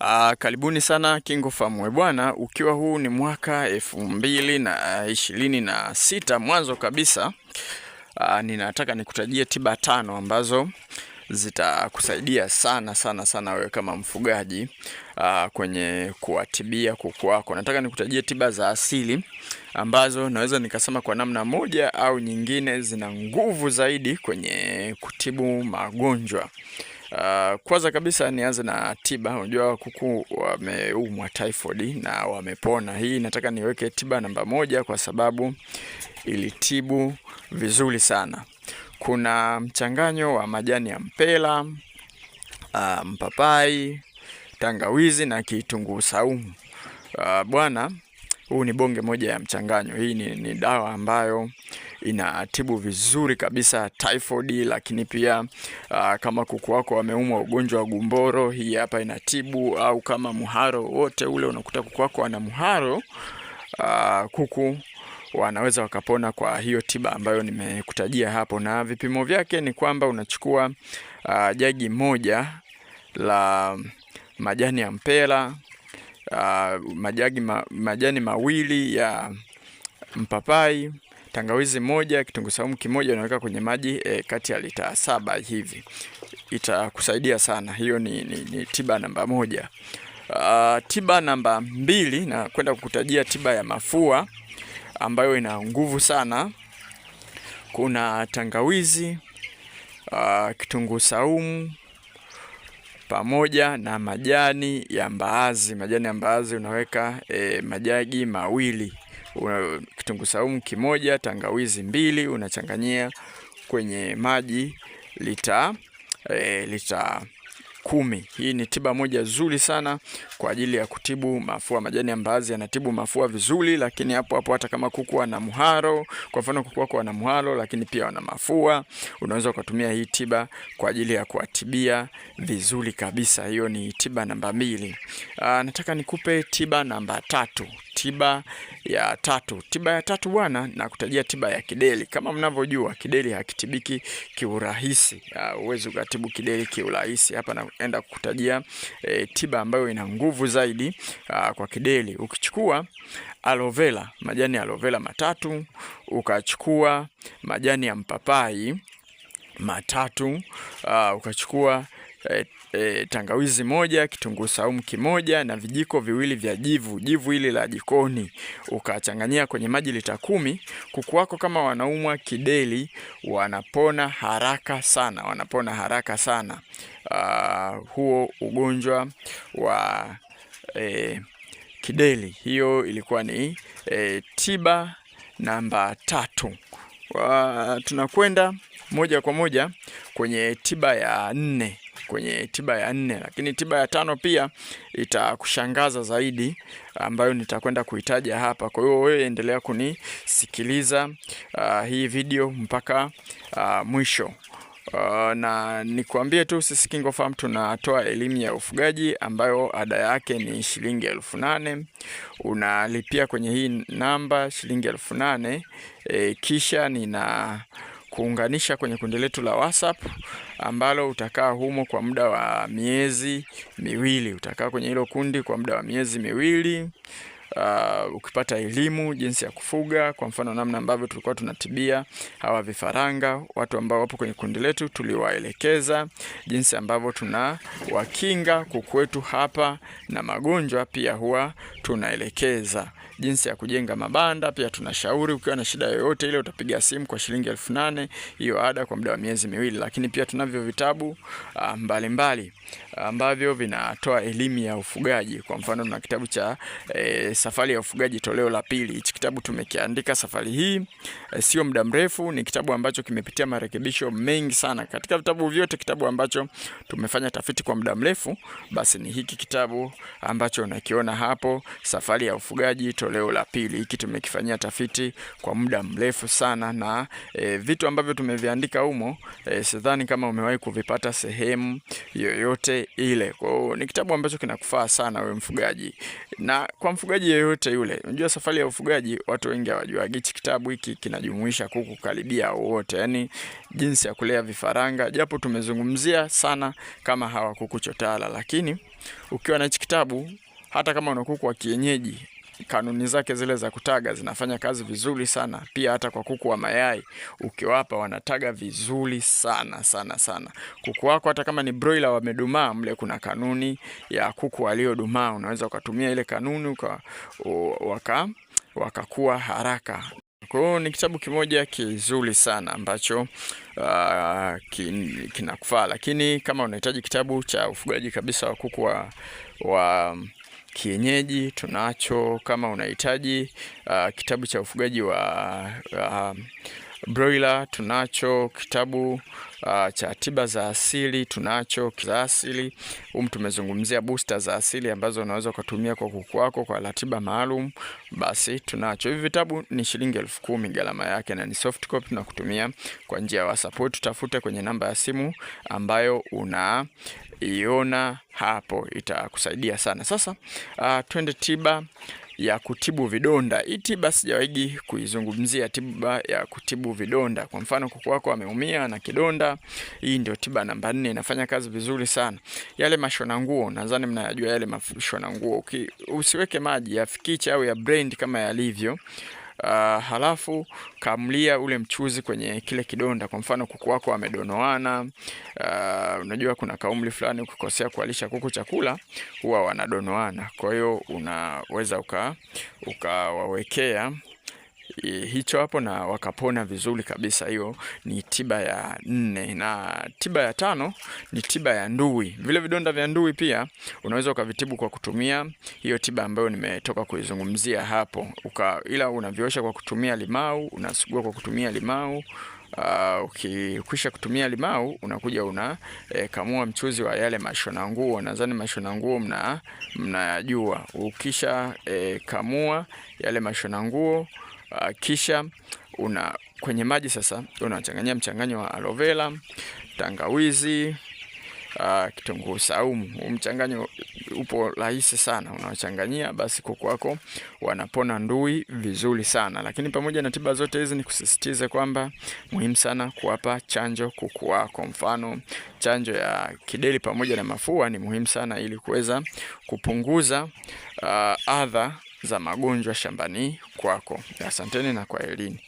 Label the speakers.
Speaker 1: Uh, karibuni sana Kingo Famwe bwana, ukiwa huu ni mwaka elfu mbili na ishirini na sita. Mwanzo kabisa uh, ninataka nikutajie tiba tano ambazo zitakusaidia sana sana sana wewe kama mfugaji uh, kwenye kuwatibia kuku wako. Nataka nikutajie tiba za asili ambazo naweza nikasema kwa namna moja au nyingine zina nguvu zaidi kwenye kutibu magonjwa. Uh, kwanza kabisa nianze na tiba. Unajua kuku wameumwa typhoid na wamepona. Hii nataka niweke tiba namba moja kwa sababu ilitibu vizuri sana. Kuna mchanganyo wa majani ya mpela, uh, mpapai, tangawizi na kitunguu saumu. Uh, bwana, huu ni bonge moja ya mchanganyo. Hii ni, ni dawa ambayo inatibu vizuri kabisa typhoid, lakini pia uh, kama kuku wako wameumwa ugonjwa wa gumboro, hii hapa inatibu. Au kama muharo wote ule, unakuta kuku wako ana muharo uh, kuku wanaweza wakapona kwa hiyo tiba ambayo nimekutajia hapo, na vipimo vyake ni kwamba unachukua uh, jagi moja la majani ya mpera uh, majagi ma, majani mawili ya mpapai tangawizi moja, kitunguu saumu kimoja, unaweka kwenye maji e, kati ya lita saba hivi, itakusaidia sana. Hiyo ni, ni, ni tiba namba moja. Uh, tiba namba mbili na kwenda kukutajia tiba ya mafua ambayo ina nguvu sana. Kuna tangawizi uh, kitunguu saumu pamoja na majani ya mbaazi. Majani ya mbaazi unaweka eh, majagi mawili una kitunguu saumu kimoja, tangawizi mbili, unachanganyia kwenye maji lita e, lita kumi. Hii ni tiba moja zuri sana kwa ajili ya kutibu mafua. Majani ya mbaazi yanatibu mafua vizuri, lakini hapo hapo hata kama kuku ana muharo, kwa mfano kuku wako ana muharo, lakini pia wana mafua, unaweza ukatumia hii tiba kwa ajili ya kuwatibia vizuri kabisa. Hiyo ni tiba namba mbili. Aa, ah, nataka nikupe tiba namba tatu tiba ya tatu. Tiba ya tatu bwana, nakutajia tiba ya kideli Kama mnavyojua kideli hakitibiki kiurahisi, huwezi ukatibu kideli kiurahisi. Hapa naenda kukutajia e, tiba ambayo ina nguvu zaidi a, kwa kideli Ukichukua aloe vera, majani ya aloe vera matatu, ukachukua majani ya mpapai matatu, uh, ukachukua e, e, tangawizi moja, kitunguu saumu kimoja na vijiko viwili vya jivu, jivu hili la jikoni, ukachanganyia kwenye maji lita kumi. Kuku wako kama wanaumwa kideli, wanapona haraka sana, wanapona haraka sana uh, huo ugonjwa wa e, kideli. Hiyo ilikuwa ni e, tiba namba tatu. Ah, tunakwenda moja kwa moja kwenye tiba ya nne kwenye tiba ya nne, lakini tiba ya tano pia itakushangaza zaidi, ambayo nitakwenda kuitaja hapa. Kwa hiyo wewe endelea kunisikiliza uh, hii video mpaka uh, mwisho. Uh, na nikuambie tu sisi Farm tunatoa elimu ya ufugaji ambayo ada yake ni shilingi elfu nane. Unalipia kwenye hii namba shilingi elfu nane e, kisha nina kuunganisha kwenye kundi letu la WhatsApp ambalo utakaa humo kwa muda wa miezi miwili. Utakaa kwenye hilo kundi kwa muda wa miezi miwili. Uh, ukipata elimu jinsi ya kufuga, kwa mfano namna ambavyo tulikuwa tunatibia hawa vifaranga. Watu ambao wapo kwenye kundi letu tuliwaelekeza jinsi ambavyo tunawakinga kuku wetu hapa na magonjwa, pia huwa tunaelekeza jinsi ya kujenga mabanda. Pia tunashauri ukiwa na shida yoyote ile utapiga simu kwa shilingi elfu nane hiyo ada kwa muda wa miezi miwili. Lakini pia tunavyo vitabu ah, mbalimbali ambavyo vinatoa elimu ya ufugaji. Kwa mfano tuna kitabu cha e, safari ya ufugaji toleo la pili. Hichi kitabu tumekiandika safari hii e, sio muda mrefu. Ni kitabu ambacho kimepitia marekebisho mengi sana katika vitabu vyote. Kitabu ambacho tumefanya tafiti kwa muda mrefu basi ni hiki kitabu ambacho unakiona hapo, safari ya ufugaji toleo toleo la pili. Hiki tumekifanyia tafiti kwa muda mrefu sana na e, vitu ambavyo tumeviandika humo e, sidhani kama umewahi kuvipata sehemu yoyote ile. Kwa hiyo ni kitabu ambacho kinakufaa sana wewe mfugaji na kwa mfugaji yoyote yule. Unajua safari ya ufugaji watu wengi hawajua Hichi kitabu hiki kinajumuisha kuku karibia wote, yani jinsi ya kulea vifaranga, japo tumezungumzia sana kama hawa kuku chotara, lakini ukiwa na hichi kitabu hata kama una kuku wa kienyeji kanuni zake zile za kutaga zinafanya kazi vizuri sana. Pia hata kwa kuku wa mayai ukiwapa, wanataga vizuri sana sana sana. Kuku wako hata kama ni broiler wamedumaa, mle kuna kanuni ya kuku waliodumaa, unaweza ukatumia ile kanuni uka, waka wakakuwa haraka. Kwa hiyo ni kitabu kimoja kizuri sana ambacho uh, kin, kinakufaa, lakini kama unahitaji kitabu cha ufugaji kabisa wa kuku wa, wa kienyeji tunacho. Kama unahitaji uh, kitabu cha ufugaji wa uh, broiler, tunacho kitabu uh, cha tiba za asili, tunacho za asili. Humu tumezungumzia booster za asili ambazo unaweza ukatumia kwa kuku wako kwa ratiba maalum, basi tunacho hivi vitabu. Ni shilingi elfu kumi gharama yake na ni soft copy na kutumia kwa njia ya WhatsApp. Tutafute kwenye namba ya simu ambayo unaiona hapo, itakusaidia sana. Sasa uh, twende tiba ya kutibu vidonda. Hii tiba sijawahi kuizungumzia, tiba ya kutibu vidonda. Kwa mfano, kuku wako ameumia na kidonda, hii ndio tiba namba nne, inafanya kazi vizuri sana. Yale mashona nguo, nadhani mnayajua yale mashona nguo, usiweke maji ya au ya brand kama yalivyo uh, halafu kamlia ule mchuzi kwenye kile kidonda. Kwa mfano kuku wako wamedonoana, uh, unajua kuna kaumli fulani ukikosea kualisha kuku chakula huwa wanadonoana, kwa hiyo unaweza ukawawekea uka hicho hapo na wakapona vizuri kabisa. Hiyo ni tiba ya nne, na tiba ya tano ni tiba ya ndui. Vile vidonda vya ndui pia unaweza ukavitibu kwa kutumia hiyo tiba ambayo nimetoka kuizungumzia hapo uka, ila unaviosha kwa kutumia limau, unasugua kwa kutumia limau uh, Ukikwisha uh, kutumia limau unakuja una e, kamua mchuzi wa yale mashona nguo. Nadhani mashona nguo mnayajua mna, ukisha e, kamua yale mashona nguo uh, kisha una kwenye maji sasa unachanganyia mchanganyo wa aloe vera, tangawizi uh, kitunguu saumu. Huu mchanganyo upo rahisi sana, unawachanganyia basi kuku wako wanapona ndui vizuri sana. Lakini pamoja na tiba zote hizi, ni kusisitiza kwamba muhimu sana kuwapa chanjo kuku wako. Mfano, chanjo ya kideri pamoja na mafua ni muhimu sana, ili kuweza kupunguza uh, adha za magonjwa shambani kwako. Asanteni na kwaherini.